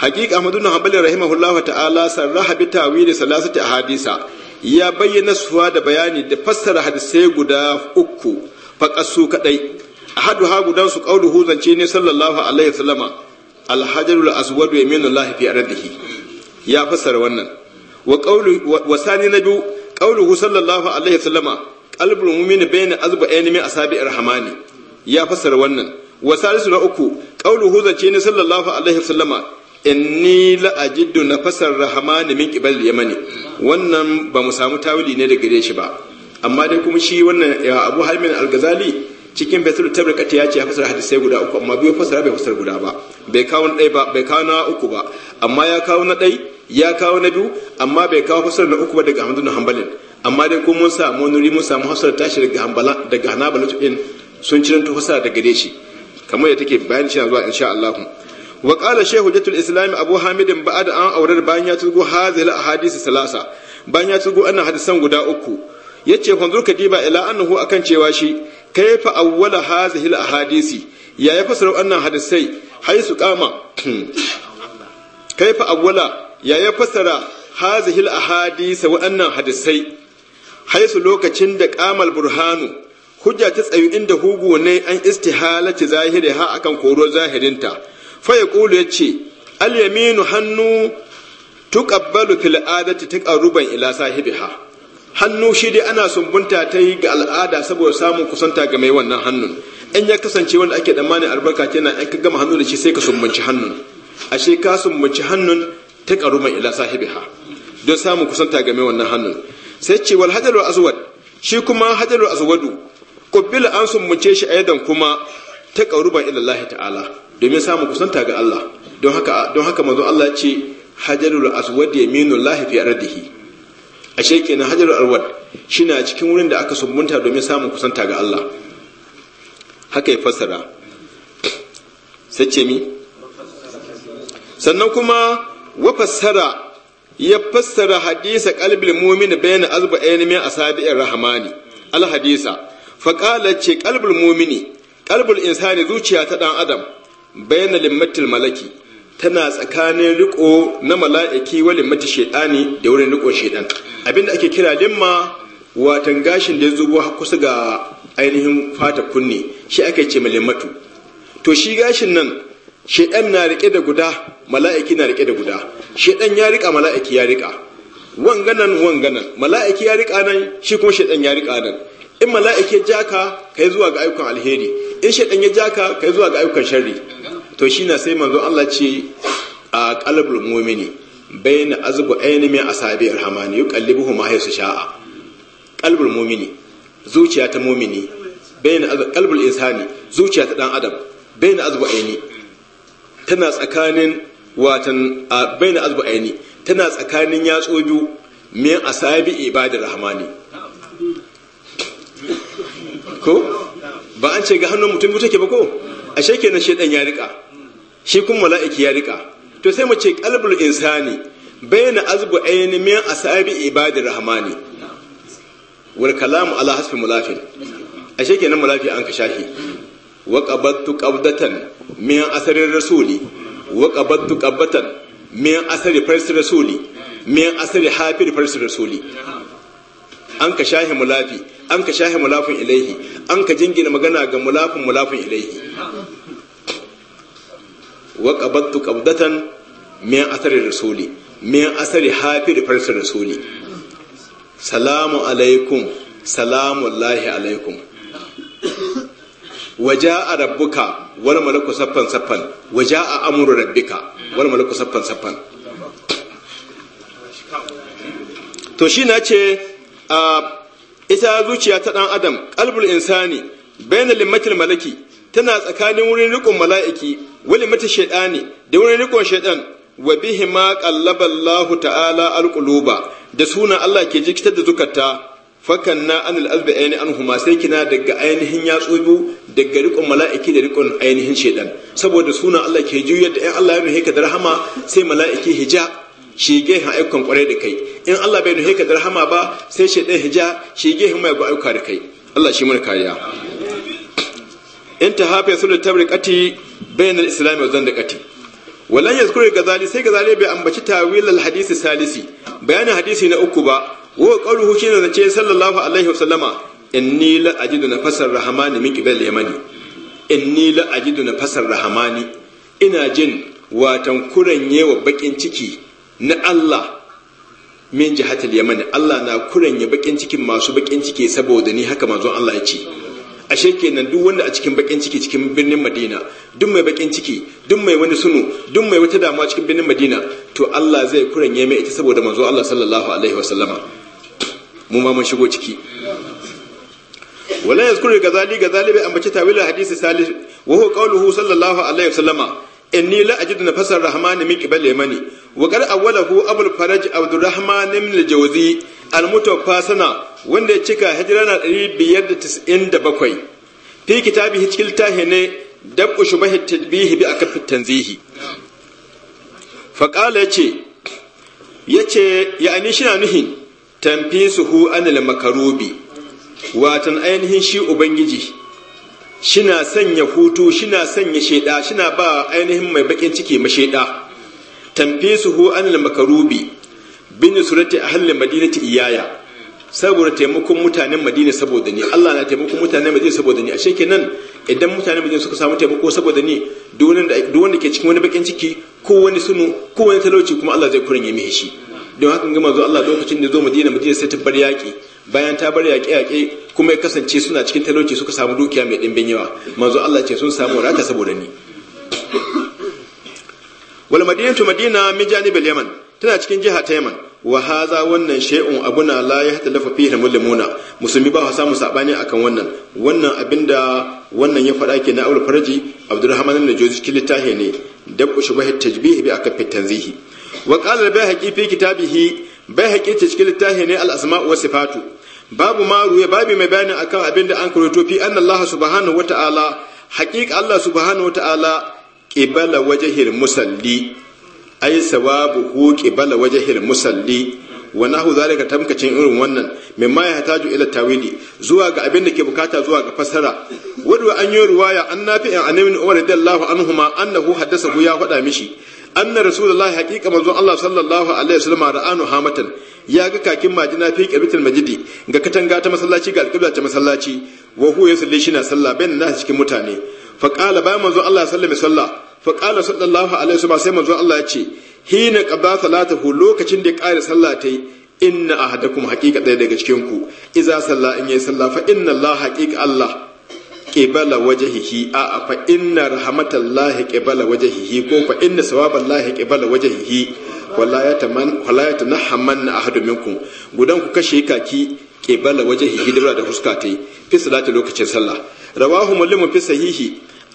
haqiqa Ahmad ibn Hanbal rahimahullahu ta'ala sarraha bi tawili salasati ahadisa ya bayyana suwa da bayani da fassara hadisai guda uku fa kasu kadai ahadu ha gudan su qauluhu zance ne sallallahu alaihi wasallama alhajarul aswadu yaminullah fi ardihi ya fassara wannan wa qawlu wa sani nabi hu sallallahu alaihi wasallama qalbul mu'mini bayna azba'aini min asabi'ir rahmani ya fassara wannan wa salisu na uku qauluhu zance ne sallallahu alaihi wasallama inni la'ajiddu nafasar rahmani min qibal yamani wannan ba mu samu tawili ne daga gare shi ba amma dai kuma shi wannan Abu Halim al-Ghazali cikin Fathul Tabriqat ya ce ya fasara hadisai guda uku amma bai fasara bai fasara guda ba bai kawo na ba bai kawo na uku ba amma ya kawo na ɗai ya kawo na biyu amma bai kawo fasara na uku ba daga Ahmad bin hambalin amma dai kuma mun samu nuri mun samu hasara tashi daga Hanbala daga Hanbala sun ciranto fasara daga gare shi kamar yadda take bayani shi zuwa insha Allah wa qala shaykh hujjatul islam abu hamidin ba'ad an aurar bayan ya turgo hadhihi ahadith salasa bayan ya turgo annan hadisan guda uku yace fanzur kadiba ila annahu akan cewa shi kaifa awwala hadhihi ahadisi ya ya fasara annan hadisai haisu kama haisu lokacin da kamar burhanu hujja ta tsayu inda hugu ne an zahiri ha akan koro zahirinta fa ya ƙulu ya ce alyaminu hannu tuƙabbalu fil adati taqarruban ila sahibiha hannu shi dai ana sumbunta ta yi ga al'ada saboda samun kusanta ga mai wannan hannun in ya kasance wanda ake tsammanin albarka kenan in ka gama hannu da shi sai ka sumbunci hannun ashe ka sumbunci hannun taqarruban ila sahibiha don samun kusanta ga mai wannan hannun sai ce wal hajarul shi kuma hajarul aswadu qubbila an sumbunce shi a yadan kuma taqarruban ila Allah ta'ala domin samun kusanta ga Allah don haka don haka manzo Allah ce hajarul aswad lahi fi ardihi ashe kenan hajarul aswad shine a cikin wurin da aka sumbunta domin samun kusanta ga Allah haka ya fassara sai mi sannan kuma wa fassara ya fassara hadisa kalbil mumin bayan azba ainihin asabi'ir rahmani al hadisa fa qala ce kalbul mumini kalbul insani zuciya ta dan adam bayan limmatil malaki tana tsakanin riko na mala'iki wa limmati shaidani da wurin rikon shaidan abinda ake kira limma watan gashin da ya zubo kusa ga ainihin fata kunne shi ake ce malimmatu to shi gashin nan shaidan na rike da guda mala'iki na rike da guda shaidan ya rika mala'iki ya rika wanganan wanganan mala'iki ya rika nan shi kuma shaidan ya rika nan in mala'iki ya ka kai zuwa ga ayyukan alheri in shaɗan ya ja ka kai zuwa ga ayyukan shari to shi na sai manzo Allah ce a qalbul mu'mini bayna azbu a min asabi arhamani yuqallibuhu ma haisu sha'a Ƙalabar mu'mini zuciya ta mu'mini na azubu qalbul insani zuciya ta ɗan adam na azubu ayni tana tsakanin watan na azubu ayni tana tsakanin yatsu biyu min asabi ibadar rahmani ko ba an ce ga hannun mutum biyu take ba ko ashe kenan shedan ya rika shi kun mala'iki ya rika to sai mu ce qalbul insani bayna azbu ayni min asabi ibadir rahmani wal kalamu ala hasfi mulafin ashe kenan mulafi an ka shahi wa qabattu qabdatan min asarir rasuli wa qabattu qabatan min asari farsi rasuli min asari hafir farsi rasuli an ka shahi mulafi an ka shahi mulafin ilaihi an ka jingina magana ga mulafin mulafin ilaihi wa qabattu qabdatan min asari rasuli min asari hafi da farsa rasuli salamu alaikum salamu lahi alaikum waja a rabbuka wani malaku saffan saffan waja a amuru rabbika wani malaku saffan saffan to shi na ce ita zuciya ta dan adam kalbul insani bayna limatil malaki tana tsakanin wurin rikon mala'iki wani mata shaytani da wurin rikon shaytan wa bihi ma qallaba Allah ta'ala alquluba da sunan Allah ke jikitar da zukata fakan anil azbi aini an sai kina daga ainihin yatsu daga rikon mala'iki da rikon ainihin shaytan saboda sunan Allah ke juyar da in Allah ya nuhe da rahama sai mala'iki hijab shige ha aikon kwarai da kai in Allah bai nuhe ka da rahama ba sai shi shaidan hija shige hin mai ayyuka da kai Allah shi mana kariya in ta hafe sulu tabriqati bainal islam wa zandaqati walan yazkuru gazali sai gazali bai ambaci tawil al hadisi salisi bayanin hadisi na uku ba wa hu shine zace sallallahu alaihi wa sallama inni la ajidu nafsar rahmani min qibal yamani inni la ajidu nafsar rahmani ina jin watan kuran wa bakin ciki na Allah min jihatil yaman Allah na ya bakin cikin masu bakin ciki saboda ni haka manzon Allah ya ce ashe kenan duk wanda a cikin bakin ciki cikin birnin Madina duk mai bakin ciki duk mai wani sunu duk mai wata damuwa cikin birnin Madina to Allah zai ya mai ita saboda manzo Allah sallallahu alaihi sallama mu ma mun shigo ciki wala yazkuru gazali gazali bai ambaci tawilul hadisi salih wa huwa qawluhu sallallahu alaihi wa sallama. inni la ajidu nafasar rahman min qibal yamani wa qad awwalahu abul faraj abdurrahman ibn al-jawzi al-mutawaffa sana wanda ya cika hijira na 597 fi kitabihi cikin tahi ne dab'u shubahi tadbihi bi akafi tanzihi fa qala yace yace ya'ani shina nuhin tanfisuhu anil makarubi watan ainihin shi ubangiji shina sanya hutu shina sanya sheda shina ba ainihin mai bakin ciki masheda hu anil makarubi bin surati ahli madinati iyaya saboda taimakon mutanen madina saboda ni Allah na taimakon mutanen madina saboda ni ashe kenan idan mutanen madina suka samu taimako saboda ni duk wanda ke cikin wani bakin ciki ko wani sunu ko wani talauci kuma Allah zai kurin ya mishi don haka ga manzo Allah lokacin da zo madina madina sai tabbar yaki bayan ta bar yaƙe-yaƙe kuma ya kasance suna cikin talauci suka samu dukiya mai ɗimbin yawa manzo Allah ce sun samu raka saboda ni wal madinatu madina min janibil yaman tana cikin jiha ta yaman wa haza wannan shay'un abuna la yahtalafu fihi mulmuna musulmi ba sa samu sabani akan wannan wannan abinda wannan ya fada kenan aul Farji Abdurrahman al-Najuzi cikin littafi ne dabu shubah tajbih bi akaffit tanzihi wa qala al-Bayhaqi fi kitabihi bai ta cikin littafi ne alasma'u asmau wa sifatu babu ma ruya babu mai bayani akan abin da an karanto fi an Allah subhanahu wa ta'ala haƙiƙa Allah subhanahu wa ta'ala ƙibala wajhil musalli ay sawabuhu ƙibala wajhil musalli wa nahu zalika tamkacin irin wannan mimma ya hataju ila tawili zuwa ga abin da ke bukata zuwa ga fasara wadda an yi ruwaya an nafi'in an ibn umar radiyallahu anhuma annahu hu ya faɗa mishi anna rasulullahi haqiqa manzon Allah sallallahu alaihi wasallam ra'anu hamatan ya ga kakin majina fi qabitul majidi ga katanga ta masallaci ga alqibla ta masallaci wa huwa yusalli shi na sallah bayan nas cikin mutane fa qala ba manzon Allah sallallahu alaihi wasallam fa qala sallallahu alaihi wasallam sai manzon Allah ya ce hina qada salatahu lokacin da ya kare sallah ta inna ahadakum haqiqa daya daga cikin ku iza salla in yayi sallah fa inna Allah haqiqa Allah qibala wajhihi a fa inna rahmatallahi qibala wajhihi ko fa inna sawaballahi qibala wajhihi wala yataman wala yatanahammanna ahadu minkum gudan ku kashe kaki qibala wajhihi dibra da fuska tai fi salati lokacin sallah rawahu mulimu fi sahihi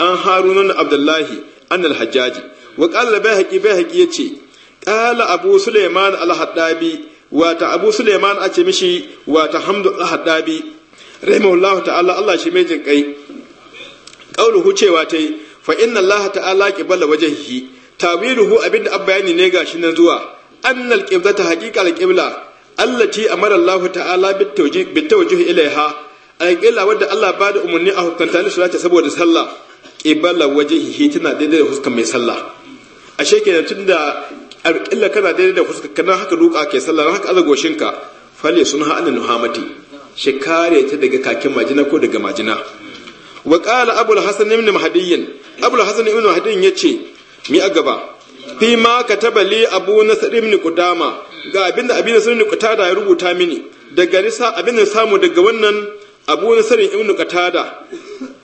an haruna na abdullahi an al-hajjaji wa bai bayhaqi ya ce qala abu sulaiman al wata abu suleiman a ce mishi wata hamdu al-haddabi rahimahullahu ta'ala Allah shi mai jin kai qauluhu cewa ta yi fa inna Allah ta'ala qibla wajhihi tawiluhu abinda yani ne gashi nan zuwa annal qiblata haqiqal qibla allati amara Allah ta'ala bitawjih bitawjih ilaiha alqibla wadda Allah ba da umarni a hukunta ni salata saboda sallah qibla wajhihi tana daidai da huskar mai sallah ashe kenan tunda alqibla kana daidai da huskar kana haka duka ke sallah haka azagoshinka fale sunha anan nuhamati shekare ta daga kakin majina ko daga majina wa qala abul hasan ibn mahdiyyin abul hasan ibn ya ce, mi a gaba fi ma kataba li abu nasr ibn qudama ga abinda abin nasr ibn tada ya rubuta mini daga risa da samu daga wannan abu nasr ibn qatada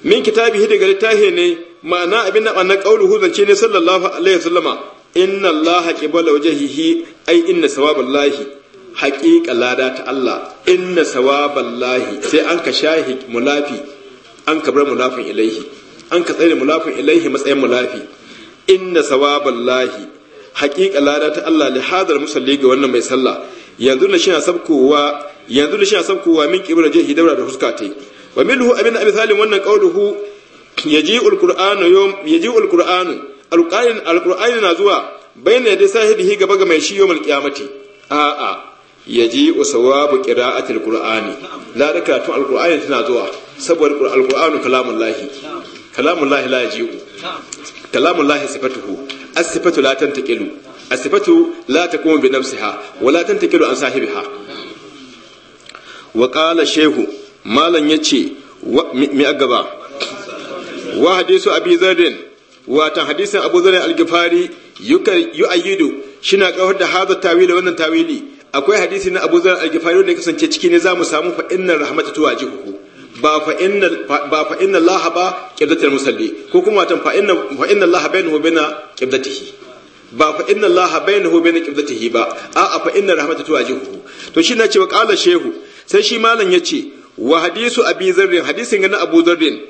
min kitabihi daga littafi ne ma'ana abin na annan qauluhu zance ne sallallahu alaihi wasallama inna allaha qibala wajhihi ai inna sawaballahi haqiqa lada ta Allah inna sawaballahi sai an ka shahi mulafi an ka bar mulafin ilaihi an ka tsare mulafin ilaihi matsayin mulafi inna sawaballahi haƙiƙa lada ta Allah li hadar musalli ga wannan mai sallah yanzu na shina sabkowa yanzu na shina sabkowa min kibra jihi dabra da huska tai wa minhu abin amsalin wannan qauluhu yaji'ul qur'anu yawm yaji'ul qur'anu alqur'an alqur'ani na zuwa bayna yadai sahibihi gaba ga mai shi yawmal qiyamati a'a yaji kira qira'atil qur'ani la rakatu alqur'ani tana zuwa saboda alqur'anu kalamul lahi kalamul lahi la yaji kalamul lahi sifatuhu as-sifatu la tantaqilu as-sifatu la takumu bi nafsiha wa la tantaqilu an sahibiha wa qala shehu malan yace mi agaba wa hadisu abi zarrin watan hadisin abu zarrin al-gifari yu'ayyidu shina kawar da hadha tawili wannan tawili akwai hadisi na Abu Zar al-Ghifari wanda kasance ciki ne za mu samu fa innar rahmatu tuwajihu ba fa ba fa inna Allah ba qiblatul musalli ko kuma watan fa inna fa inna Allah bainahu baina qiblatihi ba fa inna Allah bainahu baina qiblatihi ba a a fa inna rahmatu tuwajihu to shi na ce wa qala shehu sai shi malam yace wa hadisu abi zarrin hadisin ga na abu zarrin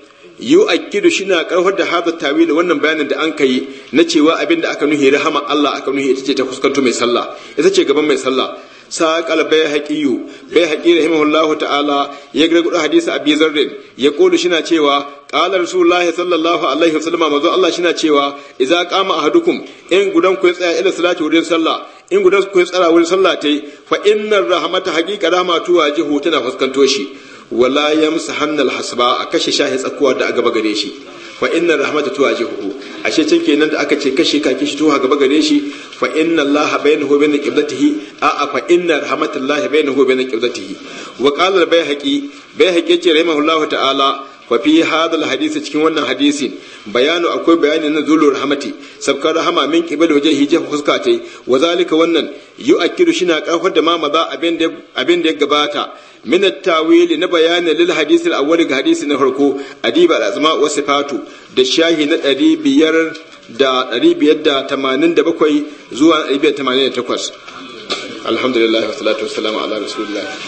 yu akidu shina karfar da hada tawil wannan bayanin da an kai na cewa abinda aka nuhi rahama Allah aka nuhi ita ce ta fuskanto mai sallah ita ce gaban mai sallah saqal bayhaqiyu bayhaqi rahimahullahu ta'ala ya gudu hadisi abi zarrin ya kodu shina cewa qala rasulullahi sallallahu alaihi wasallam manzo Allah shina cewa idza qama ahadukum in gudan ku tsaya ila salati wurin sallah in gudan ku ya tsara wurin sallah tai fa innar rahmata haqiqa rahmatu wajihu tana fuskanto shi wala yamsa hannal hasba a kashe shahi tsakuwa da a gaba gare shi fa inna rahmata hu, ashe cin kenan da aka ce kashe kakin shi tuwa gaba gare shi fa inna allaha bainahu bain qiblatihi a fa inna rahmatullahi bainahu bain qiblatihi wa qala al-bayhaqi bayhaqi ce rahimahullahu ta'ala fa fi hadha al-hadith cikin wannan hadisin bayanu akwai bayani na zulu rahmati sabka rahama min qibal wajhi jafa fuska wazalika wa zalika wannan yu'akkidu shi na karfar da ma maza abin da ya gabata min at-tawil na bayani lil hadith al-awwal ga hadisi na farko adiba al a wa sifatu da shahi na 500 da 587 zuwa 588 alhamdulillah wa salatu wassalamu ala rasulillah